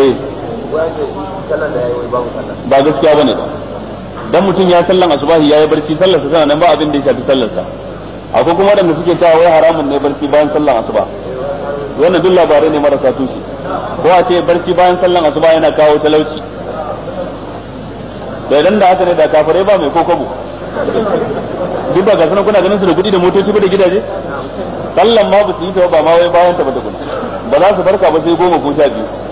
Eh. ba gaskiya bane ba dan mutum ya sallan asubahi yayi barci sallarsa tana nan ba abin da ya shafi sallarsa akwai kuma wanda suke cewa wai haramun ne barci bayan sallan asuba wannan duk labarai ne marasa tushe ko a ce barci bayan sallan asuba yana kawo talauci da idan da haka ne da kafirai ba mai kokobo duk ba gasanan kuna ganin su da kuɗi da motoci da gidaje sallan ma ba su yi ta ba ma wai bayan ta ba da kuna ba za su farka ba sai goma ko sha biyu